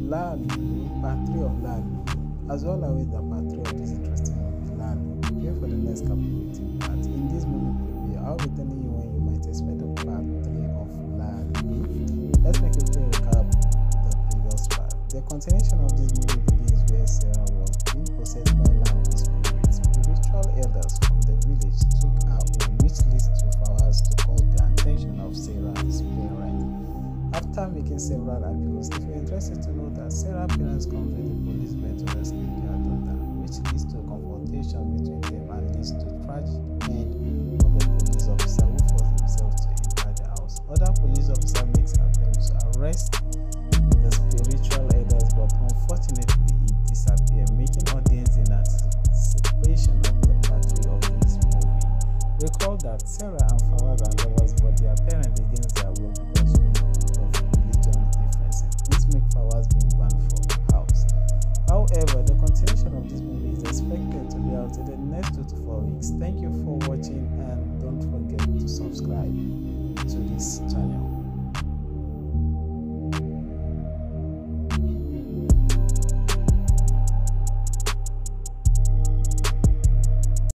learn mastery of land, as well as the mastery of this interesting learn prepare for the next couple of community But in this movie preview i'll be telling you when you might expect a part three of learning let's make a quick recap the previous part the continuation of this movie begins where sarah After making several appeals, if you're interested to know that Sarah's parents conveyed the policemen to rescue their daughter, which leads to a confrontation between them and leads to tragic end of a police officer who forced himself to enter the house. Other police officer makes attempts to arrest the spiritual elders, but unfortunately he disappeared, making audience in anticipation of the battery of this movie. Recall that Sarah However, the continuation of this movie is expected to be out in the next 2 to 4 weeks. Thank you for watching and don't forget to subscribe to this channel.